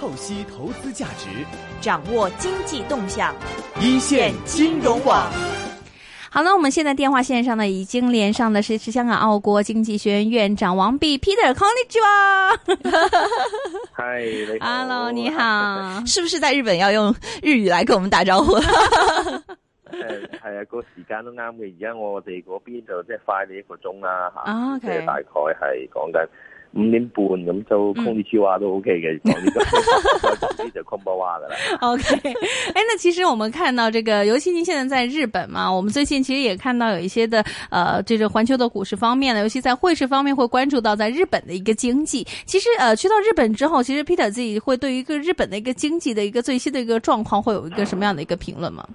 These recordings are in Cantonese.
透析投資價值，掌握經濟動向，一線金融網。好了，我們現在電話線上呢，已經連上的是香港澳國經濟學院院長王弼 Peter Konnichiwa 哈，哈，哈，哈，Hi, 你好，Hello, 你好 是不是在日本要用日語來跟我們打招呼？哈 係 啊，那個時間都啱嘅，而家我哋嗰邊就即係快咗一個鐘啦，吓、oh, okay.，即係大概係講緊。五點半咁就空氣話都 OK 嘅，空氣就空爆話㗎啦。OK，哎，那其實我們看到這個，尤其您現在在日本嘛，我們最近其實也看到有一些的，呃，這個環球的股市方面呢，尤其在匯市方面會關注到在日本的一個經濟。其實，呃，去到日本之後，其實 Peter 自己會對於一個日本的一個經濟的一個最新的一個狀況，會有一個什麼樣的一個評論嗎？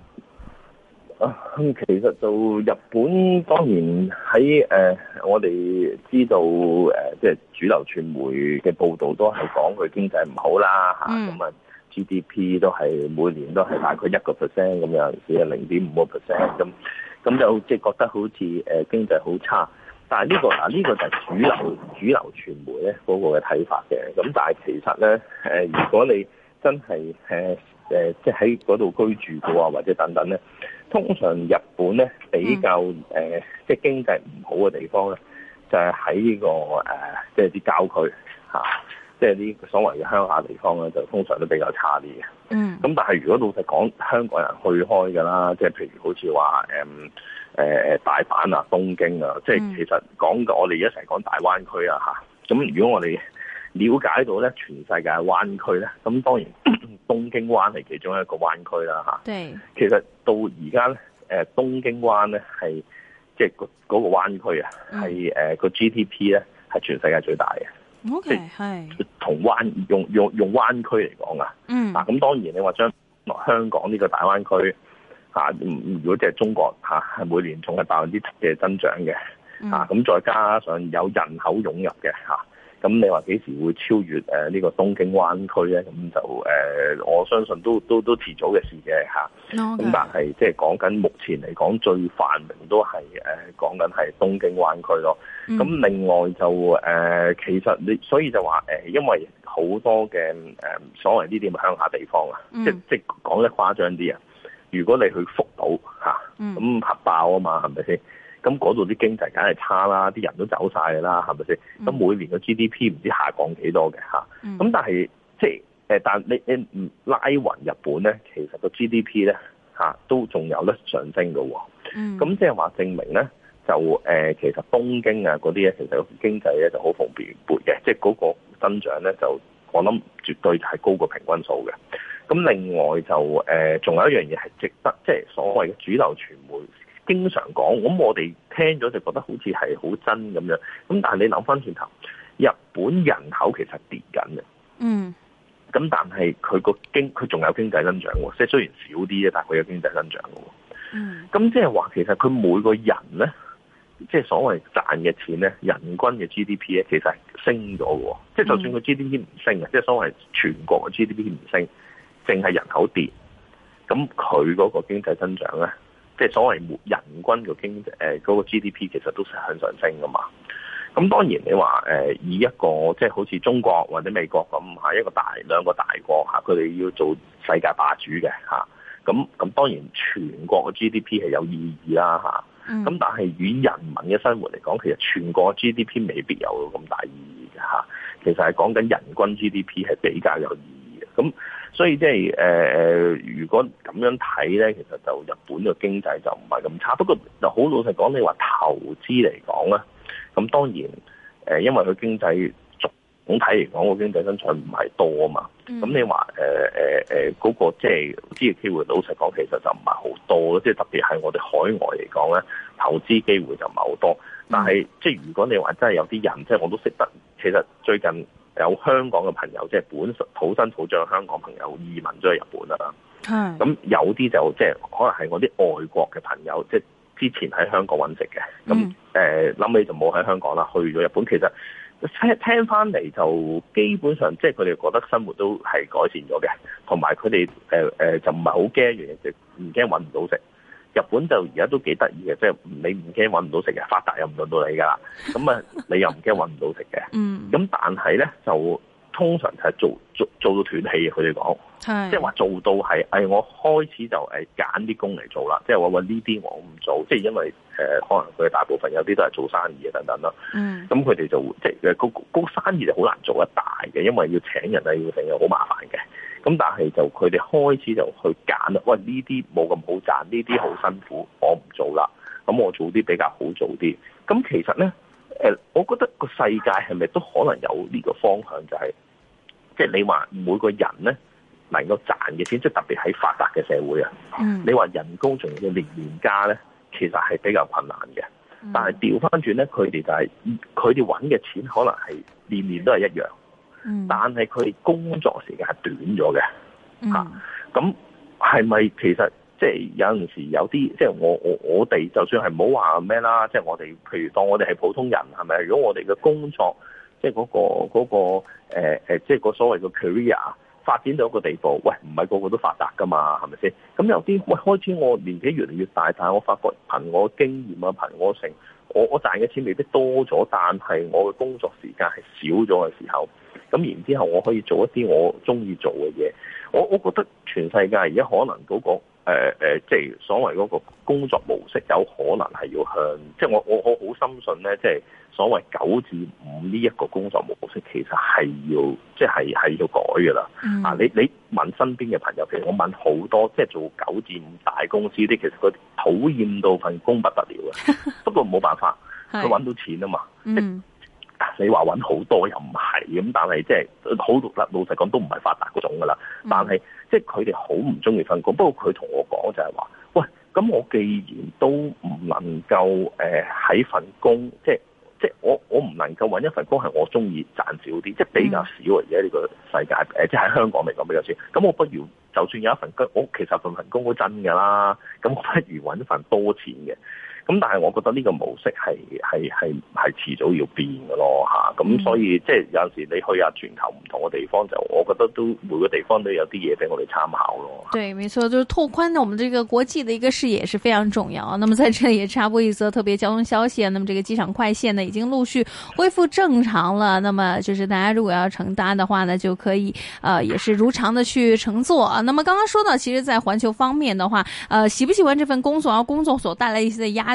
啊、嗯，其實就日本當然喺呃。我哋知道誒，即係主流傳媒嘅報道都係講佢經濟唔好啦嚇，咁、mm. 啊 GDP 都係每年都係大概一個 percent 咁樣，有陣時係零點五個 percent 咁，咁就即係覺得好似誒經濟好差。但係呢個嗱，呢個就係主流主流傳媒咧嗰個嘅睇法嘅。咁但係其實咧誒，如果你真係誒誒，即係喺嗰度居住過或者等等咧。通常日本咧比較誒，即、嗯、係、呃、經濟唔好嘅地方咧，就係喺呢個誒，即係啲郊區嚇，即係啲所謂嘅鄉下地方咧，就通常都比較差啲嘅。嗯。咁但係如果老實講，香港人去開㗎啦，即、就、係、是、譬如好似話誒誒大阪啊、東京啊，即、就、係、是、其實講、嗯、我哋一齊講大灣區啊嚇。咁、啊、如果我哋了解到咧，全世界灣區咧，咁當然、嗯。東京灣係其中一個灣區啦，嚇。對，其實到而家咧，誒東京灣咧係即係嗰嗰個灣區啊，係誒個 GDP 咧係全世界最大嘅。OK 係同灣用用用灣區嚟講啊。嗯。嗱、啊、咁當然你話將香港呢個大灣區嚇、啊，如果即係中國嚇、啊，每年仲係百分之七嘅增長嘅。嗯。咁、啊，再加上有人口湧入嘅嚇。啊咁你話幾時會超越誒呢、呃這個東京灣區咧？咁就誒、呃，我相信都都都遲早嘅事嘅吓。咁、啊 okay. 但係即係講緊目前嚟講最繁榮都係誒講緊係東京灣區咯。咁、mm. 另外就誒、呃，其實你所以就話誒、呃，因為好多嘅誒、呃、所謂呢啲係鄉下地方啊、mm.，即即講得誇張啲啊，如果你去福島吓，咁、啊、核、mm. 啊、爆啊嘛，係咪先？咁嗰度啲經濟梗係差啦，啲人都走晒啦，係咪先？咁、嗯、每年個 GDP 唔知下降幾多嘅嚇。咁、嗯、但係即係但你你拉勻日本咧，其實個 GDP 咧都仲有得上升嘅。咁即係話證明咧，就、呃、其實東京啊嗰啲咧，其實經濟咧就好逢便撥嘅，即係嗰個增長咧就我諗絕對係高過平均數嘅。咁另外就仲、呃、有一樣嘢係值得，即、就、係、是、所謂嘅主流傳媒。經常講，咁我哋聽咗就覺得好似係好真咁樣。咁但係你諗翻轉頭，日本人口其實跌緊嘅。嗯。咁但係佢個經，佢仲有經濟增長喎。即係雖然少啲啫，但係佢有經濟增長嘅。嗯。咁即係話其實佢每個人咧，即係所謂賺嘅錢咧，人均嘅 GDP 咧，其實係升咗嘅。即係就算個 GDP 唔升啊，即、mm. 係所謂全國嘅 GDP 唔升，淨係人口跌，咁佢嗰個經濟增長咧，即係所謂人均嘅經濟，誒嗰個 GDP 其實都係向上升噶嘛。咁當然你話誒，以一個即係好似中國或者美國咁，係一個大、兩個大國嚇，佢哋要做世界霸主嘅嚇。咁咁當然全國嘅 GDP 係有意義啦嚇。咁但係以人民嘅生活嚟講，其實全國嘅 GDP 未必有咁大意義嘅嚇。其實係講緊人均 GDP 係比較有意義嘅咁。所以即係誒如果咁樣睇咧，其實就日本嘅經濟就唔係咁差。不過就好老實講，你話投資嚟講咧，咁當然、呃、因為佢經濟總體嚟講個經濟增長唔係多啊嘛。咁、嗯、你話誒誒嗰個即係投資機會，老實講其實就唔係好多囉。即係特別係我哋海外嚟講咧，投資機會就唔係好多。嗯、但係即係如果你話真係有啲人，即、就、係、是、我都識得，其實最近。有香港嘅朋友，即係本土生土長香港朋友移民咗去日本啦。係、嗯，咁有啲就即係可能係我啲外國嘅朋友，即係之前喺香港揾食嘅。咁誒，諗起就冇喺香港啦，去咗日本。其實聽聽翻嚟就基本上，即係佢哋覺得生活都係改善咗嘅，同埋佢哋誒誒就唔係好驚，原因就唔驚揾唔到食。日本就而家都幾得意嘅，即係你唔驚揾唔到食嘅，發達又唔輪到你㗎啦。咁啊，你又唔驚揾唔到食嘅。咁，嗯，但係咧，就通常就係做做做到斷氣，佢哋講，即係話做到係誒，哎，我開始就誒揀啲工嚟做啦。即係我搵呢啲我唔做，即係因為誒，呃，可能佢大部分有啲都係做生意啊等等啦。咁佢哋就即係，嗰個，嗰個生意就好難做一大嘅，因為要請人啊要成日好麻煩嘅。咁但係就佢哋開始就去揀。喂，呢啲冇咁好賺，呢啲好辛苦，我唔做啦。咁我做啲比較好做啲。咁其實咧、呃，我覺得個世界係咪都可能有呢個方向，就係，就係即係你話每個人咧能夠賺嘅錢，即係特別喺發達嘅社會啊。Mm. 你話人工仲要年年加咧，其實係比較困難嘅。但係調翻轉咧，佢哋就係佢哋揾嘅錢，可能係年年都係一樣。但係佢工作時間係短咗嘅嚇。咁係咪其實即係、即係、有陣時有啲即係我我我哋就算係唔好話咩啦，即係、即係、我哋譬如當我哋係普通人係咪？如果我哋嘅工作即係嗰個嗰、嗰個即係、呃即係、個所謂嘅 career 發展到一個地步，喂唔係個個都發達噶嘛，係咪先？咁有啲喂開始我年紀越嚟越大，但係我發覺憑我經驗啊，憑我成我我賺嘅錢未必多咗，但係我嘅工作時間係少咗嘅時候。咁然之後，我可以做一啲我中意做嘅嘢。我我覺得全世界而家可能嗰個、呃呃、即係所謂嗰個工作模式，有可能係要向，即係我我我好深信咧，即係所謂九至五呢一個工作模式其、嗯，其實係要即係係要改噶啦。啊，你你問身邊嘅朋友，譬如我問好多即係做九至五大公司啲，其實佢討厭到份工不得了啊。不過冇辦法，佢搵到錢啊嘛。嗯。你話揾好多又唔係咁，但係即係好老實講都唔係發達嗰種噶啦、嗯。但係即係佢哋好唔中意份工。不過佢同我講就係話，喂，咁我既然都唔能夠喺、呃、份工，即、就、即、是就是、我我唔能夠揾一份工係我中意賺少啲，即、就是、比較少。而家呢個世界即喺、呃就是、香港嚟講比較少。咁我不如就算有一份工，我其實份份工都真噶啦。咁我不如揾一份多錢嘅。咁但係我覺得呢個模式係係係係遲早要變嘅咯吓，咁所以即係有陣時你去下全球唔同嘅地方就，我覺得都每個地方都有啲嘢俾我哋參考咯。對，沒錯，就是拓寬我們這個國際的一個視野是非常重要啊。那麼在這裏也插播一則特別交通消息，啊，那麼這個機場快綫呢已經陸續恢復正常了，那麼就是大家如果要乘搭的話呢，就可以呃也是如常的去乘坐啊。那麼剛剛說到其實在環球方面的話呃喜不喜歡這份工作，而工作所帶來一些嘅壓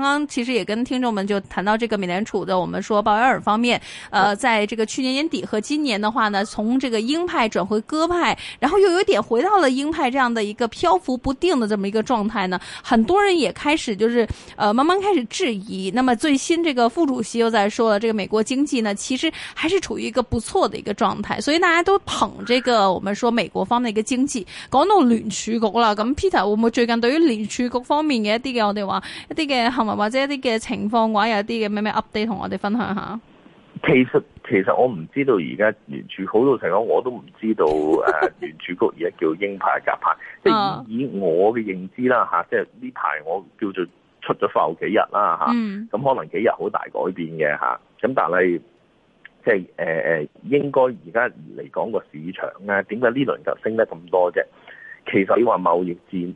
剛剛其實也跟聽眾們就談到這個美聯儲的，我們說鮑威爾方面，呃，在這個去年年底和今年的話呢，從這個鷹派轉回鴿派，然後又有點回到了鷹派這樣的一個漂浮不定的這麼一個狀態呢，很多人也開始就是呃慢慢開始質疑。那麼最新這個副主席又在說了，這個美國經濟呢其實還是處於一個不錯的一個狀態，所以大家都捧這個我們說美國方的一個經濟。講到聯儲局啦，咁 Peter 最近對於聯儲局方面嘅一啲我哋話一啲嘅或者一啲嘅情況嘅話，有啲嘅咩咩 update 同我哋分享一下。其實其實我唔知道而家聯儲好多情況，我都唔知道誒、 啊啊啊、聯儲局而家叫鷹派鴿派。即係以我嘅認知啦嚇，即係呢排我叫做出咗浮幾日啦嚇，咁可能幾日好大改變嘅嚇。咁但係即係誒誒，應該現在而家嚟講個市場咧，點解呢輪就升得咁多啫？其實你話貿易戰。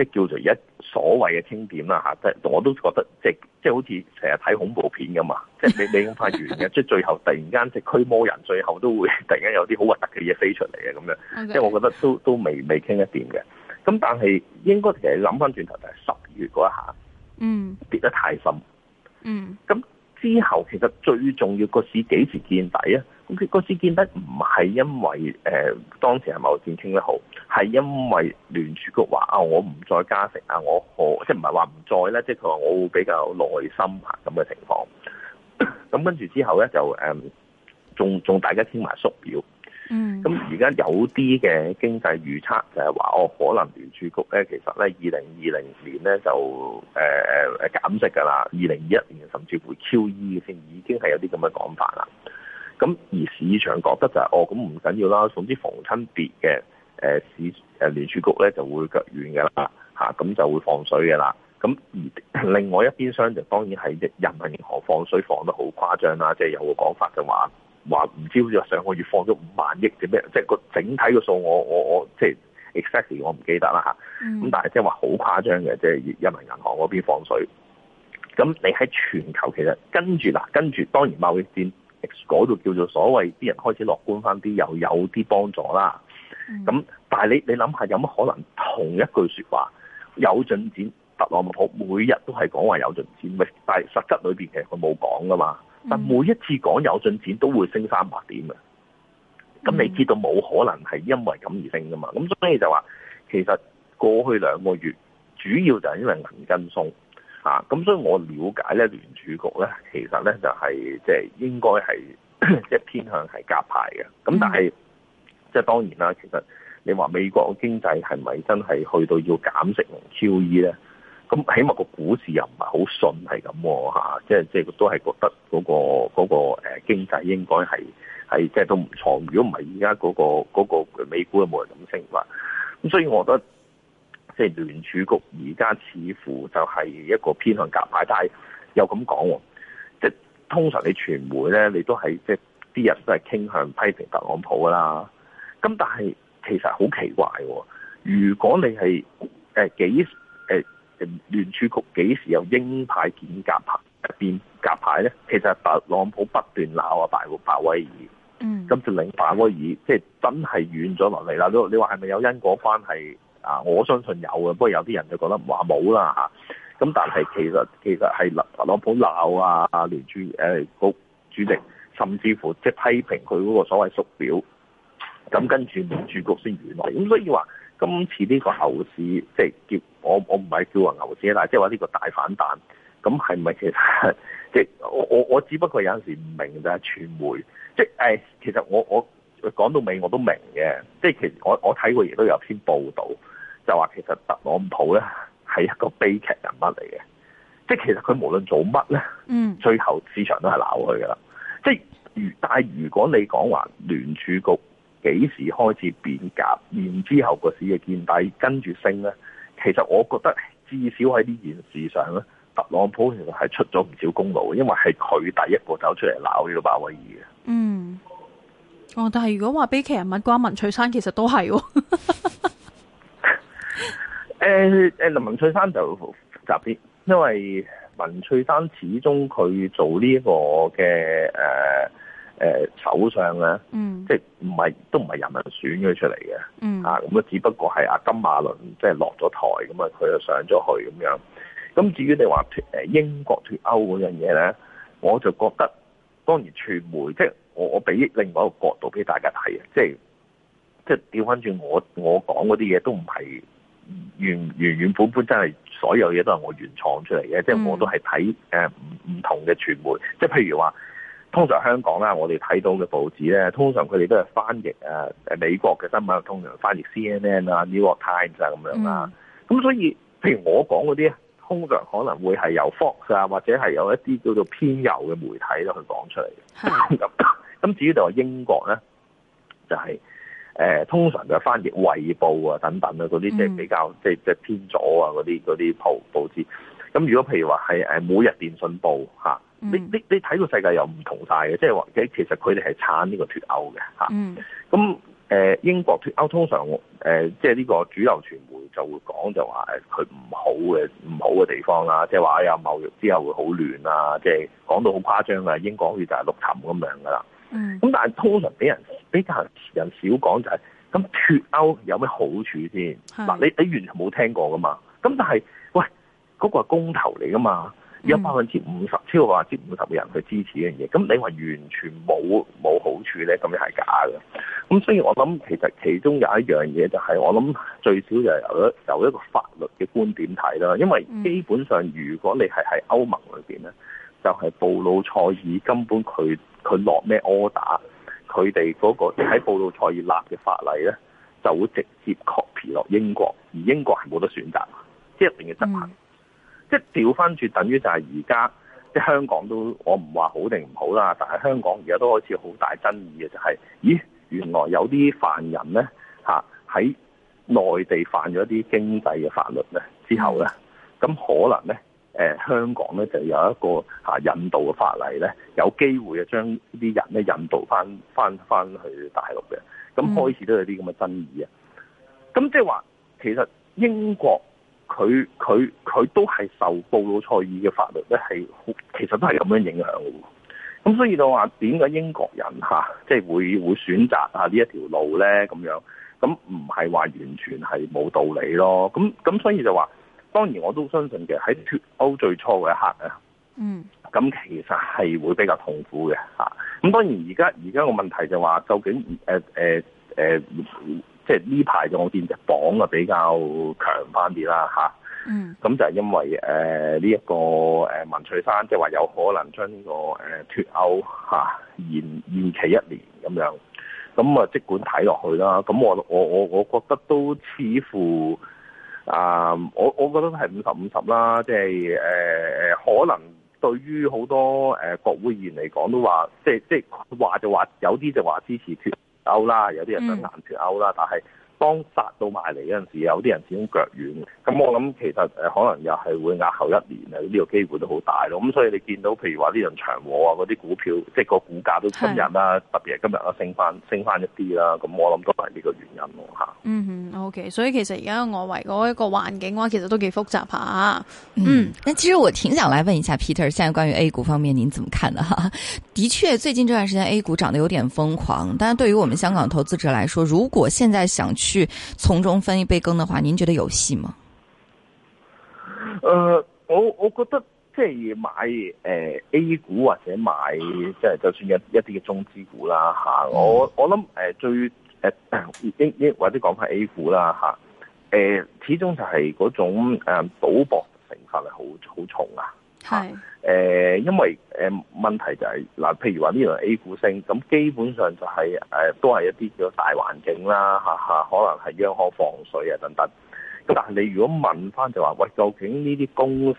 即叫做一所謂嘅清點啦，嚇，即我都覺得即即好似成日睇恐怖片咁嘛，即你你咁快完嘅， 即最後突然間即驅魔人，最後都會突然間有啲好核突嘅嘢飛出嚟嘅咁樣、Okay. 即我覺得都都未未傾得掂嘅。咁但係應該其實諗翻轉頭，就係、是、十月嗰一下，嗯、mm.，跌得太深，嗯，咁之後其實最重要個市幾時見底啊？嗰次見得唔係因為誒、呃、當時係貿戰傾得好，係因為聯儲局話啊，我唔再加息啊，我好即係唔係話唔再咧？即係佢話我會比較耐心啊咁嘅情況。咁跟住之後咧就仲仲、嗯、大家傾埋縮表。嗯。咁而家有啲嘅經濟預測就係話，我、哦、可能聯儲局咧，其實咧二零二零年咧就誒誒、呃、減息㗎啦，二零二一年甚至乎 QE 先已經係有啲咁嘅講法啦。咁而市場覺得就係、是、哦，咁唔緊要啦，總之逢親別嘅誒、呃、市誒聯儲局咧就會腳軟嘅啦，嚇、啊、咁就會放水嘅啦。咁、啊、而另外一邊廂就當然係人民銀行放水放得好誇張啦，即、就、係、是、有個講法就話話唔知好似上個月放咗五萬億嘅咩，即係個整體嘅數我我我即係 exactly 我唔記得啦咁、啊、但係即係話好誇張嘅，即、就、係、是、人民銀行嗰邊放水。咁你喺全球其實跟住嗱，跟住、啊、當然貿易戰。嗰度叫做所謂啲人開始樂觀翻啲，又有啲幫助啦。咁、嗯、但係你你諗下，有乜可能同一句說話有進展？特朗普每日都係講話有進展，但係實質裏面其實佢冇講噶嘛。但每一次講有進展都會升三百點㗎。咁、嗯、你知道冇可能係因為咁而升噶嘛？咁所以就話其實過去兩個月主要就係因為銀根鬆。咁、啊、所以我了解呢聯儲局呢，其實呢就係即係應該係即係偏向係鴿派嘅。咁但係即係當然啦，其實你話美國嘅經濟係咪真係去到要減息同 QE 呢？咁起碼個股市又唔係好順係咁喎。即係即係都係覺得嗰、嗰個嗰、嗰個嗰個誒經濟應該係即係都唔錯。如果唔係，而家嗰個嗰個美股冇人咁升啦。咁所以我覺得。即係聯儲局而家似乎就係一個偏向鴿派，但係又咁講，即通常你傳媒咧，你都係即啲人都係傾向批評特朗普㗎啦。咁但係其實好奇怪喎、哦，如果你係誒幾誒聯儲局幾時,、呃、局時有鷹派變鴿派入邊鴿派咧？其實特朗普不斷鬧啊，大個鮑威爾，嗯，咁就令鮑威爾，即係真係軟咗落嚟啦。你你話係咪有因果關係？啊！我相信有嘅，不過有啲人就覺得話冇啦嚇。咁但係其實其實係特朗普鬧啊啊聯儲誒局主席，甚至乎即係批評佢嗰個所謂縮表。咁跟住聯儲局先原來。咁所以話今次呢個牛市即係、就是、叫我我唔係叫話牛市，但係即係話呢個大反彈。咁係咪其實即係、就是、我我我只不過有陣時唔明就係傳媒。即係誒，其實我我講到尾我都明嘅。即、就、係、是、其實我我睇過亦都有篇報道。就話其實特朗普咧，係一個悲劇人物嚟嘅，即係其實佢無論做乜咧，嗯，最後市場都係鬧佢噶啦。即係如但係如果你講話聯儲局幾時開始變鴿，然之後個市嘅見底跟住升咧，其實我覺得至少喺呢件事上咧，特朗普其實係出咗唔少功勞，因為係佢第一個走出嚟鬧呢個鮑威爾嘅。嗯，哦，但係如果話悲劇人物關文翠山，其實都係、哦。 誒、uh, 林、uh, 文翠珊就複雜啲，因為文翠珊始終佢做這個 uh, uh, 呢個嘅誒誒首相咧，嗯、mm.，即係唔係都唔係人民選佢出嚟嘅，嗯，啊，咁啊，只不過係阿金馬倫即係落咗台，咁啊佢就上咗去咁樣。咁，至於你話英國脱歐嗰樣嘢咧，我就覺得當然傳媒即係我俾另外一個角度俾大家睇啊，即係即係調翻轉我我講嗰啲嘢都唔係。原原原本本真係所有嘢都係我原創出嚟嘅，即、嗯、係我都係睇誒唔唔同嘅傳媒，即係譬如話，通常香港啦，我哋睇到嘅報紙咧，通常佢哋都係翻譯、啊、美國嘅新聞通常翻譯 CNN 啊、New York Times 啊咁樣啦，咁、嗯、所以譬如我講嗰啲，通常可能會係由 Fox 啊，或者係有一啲叫做偏右嘅媒體都去講出嚟嘅。咁咁 至於就英國咧，就係、是。誒通常就係翻譯《衛報》啊等等啊嗰啲，即係比較即係即係偏左啊嗰啲啲報報紙。咁如果譬如話係誒《每日電訊報》嚇、嗯，你你你睇個世界又唔同晒嘅，即係話其實佢哋係撐呢個脫歐嘅嚇。咁、嗯、誒、呃、英國脫歐通常誒、呃、即係呢個主流傳媒就會講就話佢唔好嘅唔好嘅地方啦，即係話有貿易之後會好亂啊，即係講到好誇張啊。英國好似就係陸沉咁樣㗎啦。嗯，咁但係通常俾人俾其他人少講就係、是，咁脫歐有咩好處先？嗱，你你完全冇聽過噶嘛？咁但係，喂，嗰、那個係公投嚟噶嘛？有百分之五十，超過百分之五十嘅人去支持呢樣嘢，咁你話完全冇冇好處咧？咁樣係假嘅。咁所以我諗，其實其中有一樣嘢就係、是、我諗最少就係有咗有一個法律嘅觀點睇啦。因為基本上如果你係喺歐盟裏邊咧，就係、是、布魯塞爾根本佢佢落咩 order，佢哋嗰個喺布魯塞爾立嘅法例咧，就會直接 copy 落英國，而英國係冇得選擇，即係一定要執行。Mm. 即係調翻轉，等於就係而家，即係香港都我唔話好定唔好啦。但係香港而家都開始好大爭議嘅、就係，就係咦，原來有啲犯人咧喺內地犯咗一啲經濟嘅法律咧之後咧，咁可能咧誒香港咧就有一個嚇引渡嘅法例咧，有機會啊將呢啲人咧引渡翻翻翻去大陸嘅，咁開始都有啲咁嘅爭議啊。咁即話其實英國。佢佢佢都係受布魯塞爾嘅法律咧，係其實都係咁樣影響嘅。咁所以就話點解英國人即係、啊即係、會會選擇啊呢一條路咧咁樣？咁唔係話完全係冇道理咯。咁咁所以就話，當然我都相信嘅喺脱歐最初嗰一刻啊，嗯，咁其實係會比較痛苦嘅咁、啊、當然而家而家個問題就話，究竟誒誒、欸欸欸即係呢排就我見隻鎊啊比較強翻啲啦嚇，咁、嗯、就係因為誒呢一個誒文翠山即係話有可能將呢個誒脱歐嚇延延期一年咁樣，咁啊即管睇落去啦。咁我我我我覺得都似乎啊，我我覺得係五十五十啦。即係誒可能對於好多誒國會議員嚟講都話，即即話就話、係就係、有啲就話支持脱。勾啦，有啲人想硬脱勾啦，嗯、但係，當殺到埋嚟嗰陣時，有啲人始終腳軟，咁我諗其實誒可能又係會押後一年啊，呢個機會都好大咯。咁所以你見到譬如話呢輪長和啊嗰啲股票，即係個股價都今日啦，特別係今日都升翻升翻一啲啦，咁我諗都係呢個原因咯嚇。嗯哼，OK，所以其實而家外圍嗰一個環境嘅話，其實都幾複雜嚇。嗯，但其實我挺想嚟問一下 Peter，現在關於 A 股方面，您怎麼看呢？哈， 的確最近這段時間 A 股漲得有點瘋狂，但係對於我們香港投資者來說，如果現在想去去從中分一杯羹嘅話，您覺得有戲嗎？誒、呃，我我覺得即係買誒、呃、A 股或者買即係、嗯、就算一啲嘅中資股啦吓，我我諗誒、呃、最誒一一或者講係 A 股啦吓，誒、呃、始終就係嗰種誒賭、呃、博成分係好好重啊。係，誒，因為誒問題就係、是、嗱，譬如話呢輪 A 股升，咁基本上就係、是、誒，都係一啲叫大環境啦，下下可能係央行放水啊等等。咁但係你如果問翻就話，喂，究竟呢啲公司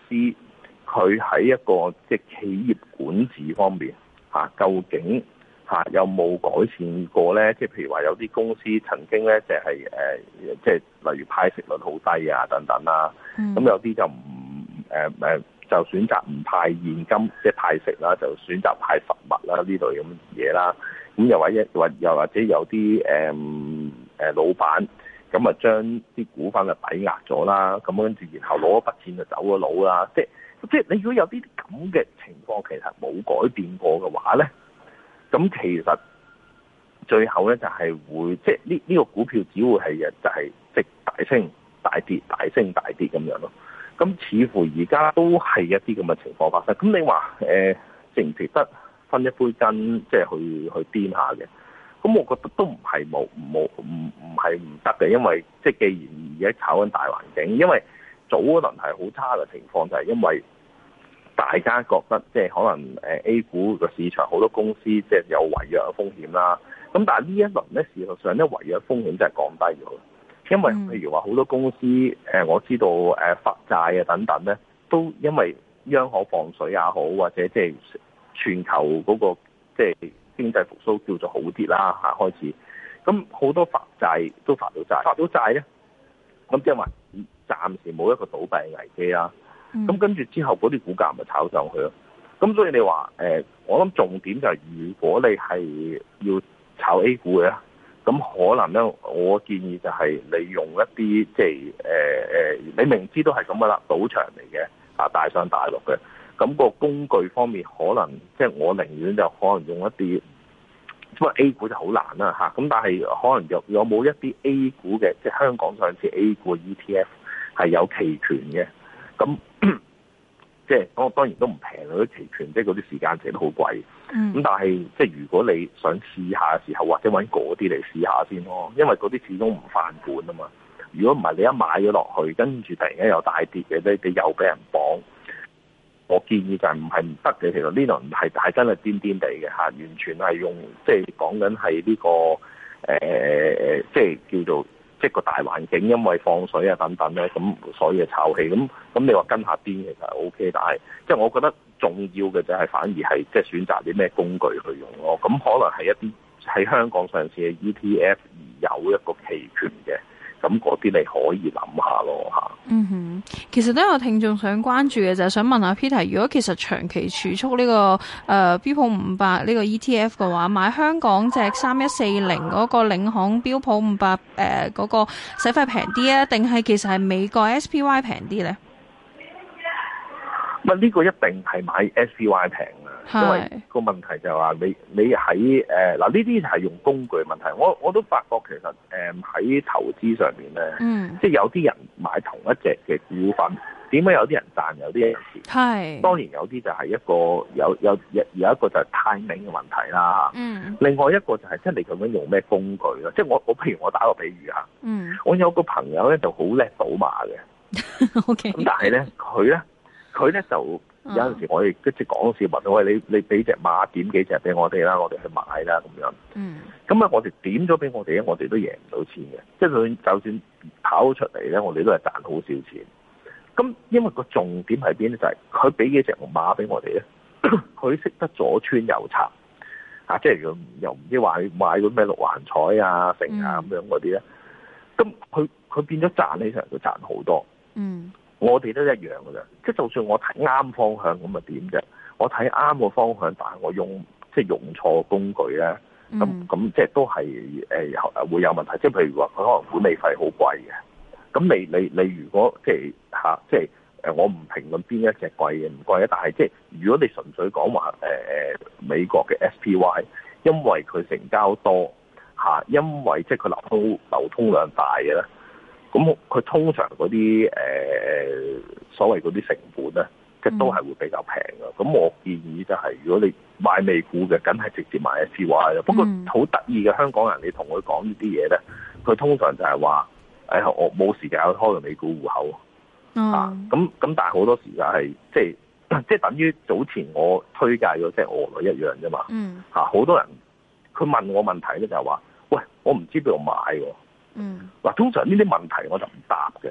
佢喺一個即係企業管治方面，吓究竟吓有冇改善過咧？即係譬如話有啲公司曾經咧就係、是、誒，即係例如派息率好低啊等等啦。咁、嗯、有啲就唔誒誒。就選擇唔派現金，即係派息啦；就選擇派實物啦，呢類咁嘢啦。咁又或者或又或者有啲誒誒老闆咁啊，將啲股份啊抵押咗啦，咁跟住然後攞一筆錢就走咗佬啦。即係即係你如果有啲咁嘅情況，其實冇改變過嘅話咧，咁其實最後咧就係會即係呢呢個股票只會係嘅，就係即大升大跌、大升大跌咁樣咯。咁似乎而家都係一啲咁嘅情況發生，咁你話誒、呃，值唔值得分一杯羹，即係去去癲下嘅？咁我覺得都唔係冇，冇，唔唔係唔得嘅，因為即係既然而家炒緊大環境，因為早嗰輪係好差嘅情況，就係、是、因為大家覺得即係可能 A 股個市場好多公司即係有違約嘅風險啦。咁但係呢一輪咧，事實上咧違約風險真係降低咗。因為譬如話好多公司誒，我知道誒發債啊等等咧，都因為央行放水也好，或者即係全球嗰、那個即係、就是、經濟復甦叫做好啲啦嚇開始，咁好多發債都發到債，發到債咧，咁即係話暫時冇一個倒閉危機啦。咁跟住之後嗰啲股價咪炒上去咯。咁所以你話誒，我諗重點就係如果你係要炒 A 股嘅。咁可能咧，我建議就係你用一啲即係誒、呃、你明知都係咁噶啦，賭場嚟嘅啊，帶上大陸嘅。咁、那個工具方面，可能即係我寧願就可能用一啲，因為 A 股就好難啦、嚇、咁但係可能有有冇一啲 A 股嘅，即係香港上次 A 股 ETF 係有期權嘅。咁即係，我當然都唔平啊！嗰啲期權，即係嗰啲時間值都好貴。咁、嗯、但係，即係如果你想試下嘅時候，或者揾嗰啲嚟試下先咯。因為嗰啲始終唔犯本啊嘛。如果唔係，你一買咗落去，跟住突然間又大跌嘅咧，你又俾人綁。我建議就係唔係唔得嘅。其實呢輪係係真係癲癲地嘅嚇，完全係用即係講緊係呢個誒，即係、這個呃、叫做。即係個大環境，因為放水啊等等咧，咁所以嘅炒氣，咁咁你話跟下邊其實 OK，但係即係我覺得重要嘅就係反而係即係選擇啲咩工具去用咯，咁可能係一啲喺香港上市嘅 ETF 而有一個期權嘅。咁嗰啲你可以諗下咯嚇。嗯哼，其實都有聽眾想關注嘅就係、是、想問下 Peter，如果其實長期儲蓄呢、這個誒、呃、標普五百呢個 ETF 嘅話，買香港隻三一四零嗰個領航標普五百誒嗰個使費平啲啊，定係其實係美國 SPY 平啲呢？呢、這個一定係買 SPY 平啊，因為個問題就係、是、話你你喺誒嗱呢啲就係用工具的問題。我我都發覺其實誒喺、呃、投資上面咧，嗯，即係有啲人買同一隻嘅股份，點解有啲人賺，有啲人蝕？係當然有啲就係一個有有有一個就係 timing 嘅問題啦。嗯，另外一個就係即係你究竟用咩工具咯。即係我我譬如我打個比喻啊，嗯，我有個朋友咧就好叻賭馬嘅咁、 okay、但係咧佢咧。他呢佢咧就有陣時候我，我、oh. 哋即講笑問喂你你俾隻馬點幾隻俾我哋啦？我哋去買啦咁樣。咁、mm. 啊，我哋點咗俾我哋咧，我哋都贏唔到錢嘅。即係就算跑出嚟咧，我哋都係賺好少錢。咁因為個重點係邊咧？就係佢俾幾隻馬俾我哋咧，佢識 得左穿右插啊！即係又又唔知買買咗咩六環彩啊、成啊咁樣嗰啲咧。咁佢佢變咗賺起上嚟就賺好多。嗯、mm.。我哋都一樣㗎，即係就算我睇啱方向咁啊點啫？我睇啱個方向，但係我用即係，就是，用錯工具咧，咁咁即係都係誒，呃，會有問題。即，就，係，是，譬如話，佢可能管理費好貴嘅，咁你你你如果即係嚇，即係誒我唔評論邊一隻貴嘅唔貴啊。但係即係如果你純粹講話誒誒美國嘅 SPY，因為佢成交多嚇，因為即係佢流通流通量大嘅咧。咁佢通常嗰啲誒所謂嗰啲成本咧，即都係會比較平㗎。咁、嗯、我建議就係、是、如果你買美股嘅，梗係直接買一次話嘅。不過好得意嘅香港人你，你同佢講呢啲嘢咧，佢通常就係話：誒、哎，我冇時間要開個美股戶口、嗯、啊。咁咁，但係好多時就係即係即係等於早前我推介咗，即係我女一樣啫嘛。好、嗯啊、多人佢問我問題咧，就係、是、話：喂，我唔知邊度買喎。嗯，嗱、啊，通常呢啲問題我就唔答嘅，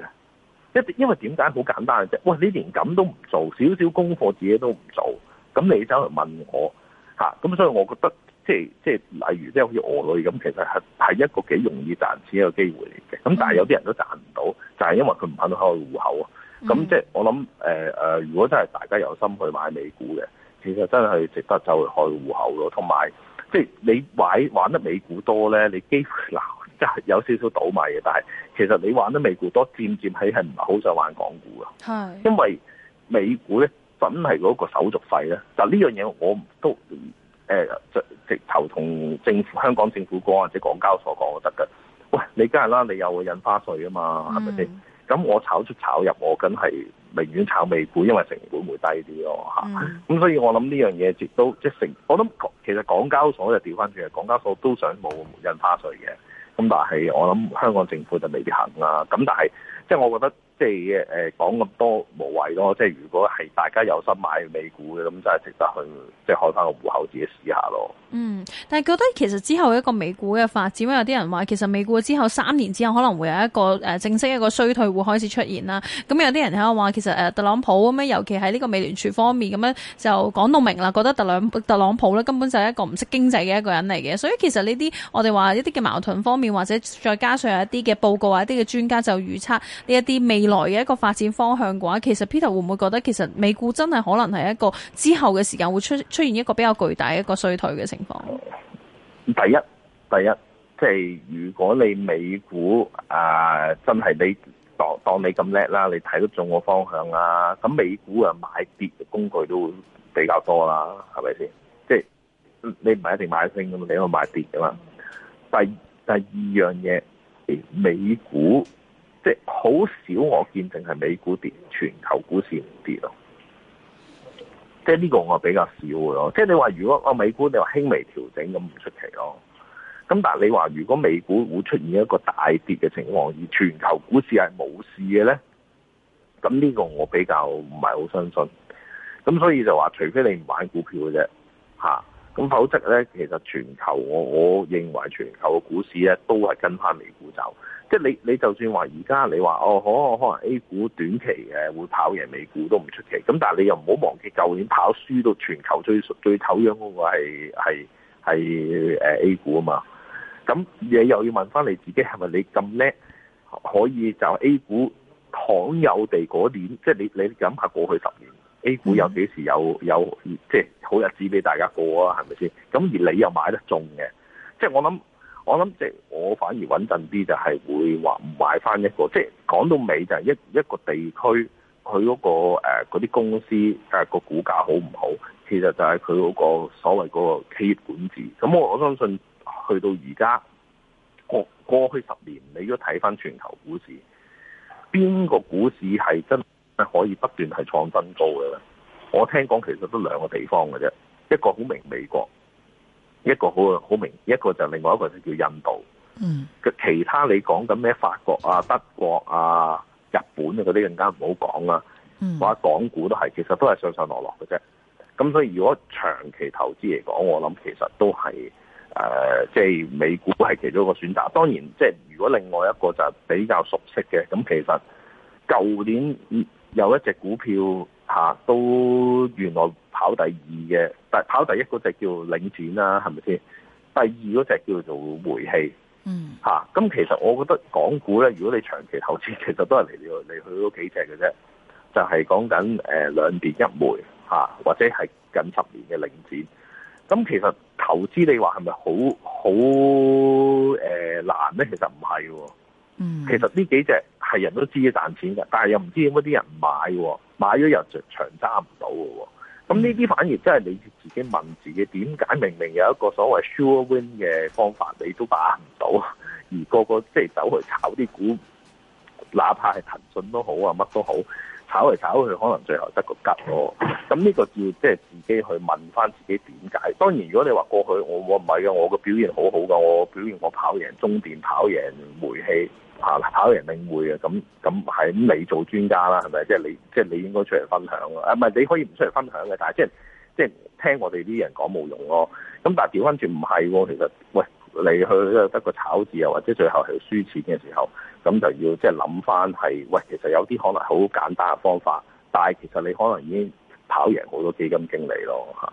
因，因為點解好簡單嘅啫？哇，你連咁都唔做，少少功課自己都唔做，咁你走去問我，嚇、啊，咁所以我覺得即係即係，例如即係好似俄女咁，其實係係一個幾容易賺錢嘅機會嚟嘅。咁但係有啲人都賺唔到，嗯、就係、是、因為佢唔肯開戶口啊。咁、嗯、即係我諗，誒、呃、誒，如果真係大家有心去買美股嘅，其實真係值得走去開戶口咯。同埋即係你玩玩得美股多咧，你幾乎嗱。即係有少少倒米嘅，但係其實你玩得美股多，漸漸係係唔好再玩港股㗎。係，因為美股咧，真係嗰個手續費咧、欸。就呢樣嘢，我都誒直直頭同政府、香港政府講或者港交所講都得㗎。喂，你梗係啦，你有個印花稅㗎嘛，係咪先？咁我炒出炒入，我梗係寧願炒美股，因為成本會，會低啲咯嚇。咁、嗯啊、所以我諗呢樣嘢，直都即係成，我諗其實港交所就調翻轉，港交所都想冇印花稅嘅。咁但係我諗香港政府就未必肯啦，啊。咁但係即係我覺得即係、就是、講咁多無謂咯，啊。即、就、係、是、如果係大家有心買美股嘅，咁就係值得去即係、就是、開翻個戶口自己試下咯。嗯，但係覺得其實之後一個美股嘅發展咧，有啲人話其實美股之後三年之後可能會有一個誒、呃、正式一個衰退會開始出現啦。咁、嗯、有啲人喺度話，其實誒、呃、特朗普咁樣，尤其喺呢個美聯儲方面咁樣就講到明啦，覺得特朗特朗普咧根本就係一個唔識經濟嘅一個人嚟嘅。所以其實呢啲我哋話一啲嘅矛盾方面，或者再加上有一啲嘅報告啊，一啲嘅專家就預測呢一啲未來嘅一個發展方向嘅話，其實 Peter 會唔會覺得其實美股真係可能係一個之後嘅時間會出出現一個比較巨大一個衰退嘅情況？第一，第一，即係如果你美股啊，真係你當當你咁叻啦，你睇得中我方向啊，咁美股啊買跌嘅工具都比較多啦，係咪先？即係你唔係一定買升噶嘛，你可以買跌噶嘛。第二，第二樣嘢，美股即係好少，我見證係美股跌，全球股市唔跌咯。即係呢個我比較少咯，即係你話如果啊美股你話輕微調整咁唔出奇咯，咁但係你話如果美股會出現一個大跌嘅情況，而全球股市係冇事嘅咧，咁呢個我比較唔係好相信，咁所以就話除非你唔玩股票嘅啫，吓。咁否則咧，其實全球我我認為全球嘅股市咧都係跟翻美股走，即係你你就算話而家你話哦可可能 A 股短期誒會跑贏美股都唔出奇，咁但係你又唔好忘記舊年跑輸到全球最最醜樣嗰個係係係誒 A 股啊嘛，咁你又要問翻你自己係咪你咁叻可以就 A 股罕有地嗰年，即係你你諗下過去十年。A 股有幾時有有即係好日子俾大家過啊？係咪先？咁而你又買得中嘅，即係我諗，我諗即係我反而穩陣啲，就係會話唔買翻一個。即係講到尾就係一一個地區佢嗰、嗰個嗰啲、呃、公司誒、呃嗰個股價好唔好，其實就係佢嗰個所謂嗰個企業管治。咁我我相信去到而家過,過去十年，你都睇翻全球股市，邊個股市係真？可以不斷係創新高嘅。我聽講其實都兩個地方嘅啫，一個好明美國，一個好好明，一個就另外一個就叫印度。嗯，其他你講緊咩法國啊、德國啊、日本啊嗰啲更加唔好講啦。嗯，或者港股都係，其實都係上上落落嘅啫。咁所以如果長期投資嚟講，我諗其實都係誒，即係美股係其中一個選擇。當然，即係如果另外一個就比較熟悉嘅，咁其實舊年。有一隻股票、啊、都原來跑第二嘅，但係跑第一嗰隻叫領展啦、啊，係咪先？第二嗰隻叫做煤氣，嗯咁、啊、其實我覺得港股咧，如果你長期投資，其實都係嚟嚟去去嗰幾隻嘅啫，就係、是、講緊、呃、兩年一煤、啊、或者係近十年嘅領展。咁其實投資你話係咪好好難咧？其實唔係喎。嗯，其實呢幾隻。係人都知嘅賺錢嘅，但係又唔知點解啲人買的、哦，買咗又長長揸唔到嘅。咁呢啲反而真係你自己問自己，點解明明有一個所謂 sure win 嘅方法，你都把握唔到？而個個即係走去炒啲股，哪怕係騰訊都好啊，乜都好，炒嚟炒去，可能最後得個吉咯、哦。咁呢個要即係自己去問返自己點解？當然，如果你話過去我我唔係嘅，我嘅表現好好噶，我表現我跑贏中電，跑贏煤，煤氣。跑贏領會嘅，咁咁係你做專家啦，係咪？即係你即係你應該出嚟分享啊！唔係你可以唔出嚟分享嘅，但係即係即係聽我哋啲人講冇用咯。咁但係調翻轉唔係喎，其實喂，嚟去得個炒字，又或者最後係輸錢嘅時候，咁就要即係諗翻係喂，其實有啲可能好簡單嘅方法，但係其實你可能已經跑贏好多基金經理咯嚇。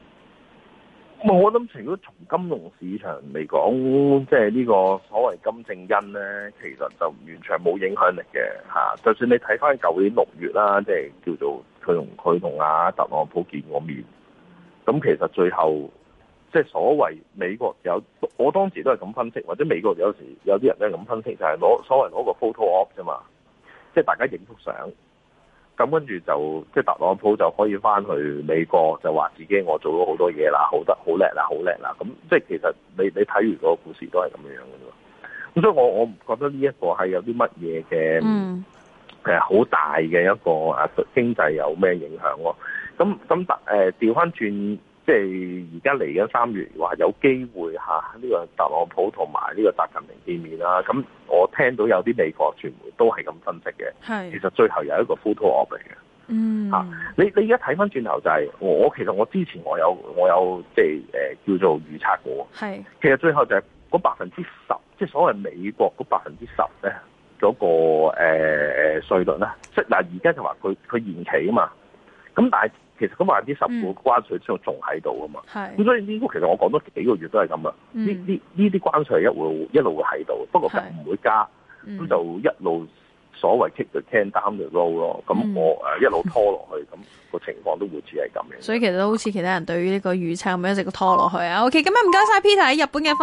我諗，如果從金融市場嚟講，即係呢個所謂金正恩呢，其實就完全冇影響力嘅嚇。就算你睇翻舊年六月啦，即係叫做佢同佢同阿特朗普見過面，咁其實最後即係所謂美國有，我當時都係咁分析，或者美國有時有啲人咧咁分析，就係攞所謂攞個 photo op 啫嘛，即係大家影幅相。咁跟住就即係特朗普就可以翻去美國，就話自己我做咗好多嘢啦，好得好叻啦，好叻啦。咁即係其實你你睇完個故事都係咁樣嘅啫。咁所以我我唔覺得呢、嗯呃、一個係有啲乜嘢嘅誒好大嘅一個啊經濟有咩影響喎、啊？咁咁誒調翻轉。即係而家嚟緊三月話有機會下呢、啊呢個特朗普同埋呢個習近平見面啦，咁我聽到有啲美國傳媒都係咁分析嘅。其實最後有一個 photo op 嚟嘅。嗯，啊、你你而家睇翻轉頭就係、是、我，其實我之前我有我有即係、呃、叫做預測過。其實最後就係嗰百分之十，即係所謂美國嗰百分之十咧，嗰、嗰個誒稅稅率啦。即嗱，而家就話佢佢延期啊嘛。咁但係。其實咁話啲十個關稅，之後仲喺度啊嘛。咁所以呢個其實我講多幾個月都係咁啊。呢呢呢啲關稅係一路一路會喺度，不過就唔會加。咁、嗯、就一路所謂 kick the can down the road 咯。咁我誒一路拖落去，咁、嗯，那個情況都會似係咁樣。所以其實都好似其他人對於呢個預測咁樣，一直拖落去啊。OK，今日唔該晒 Peter 喺日本嘅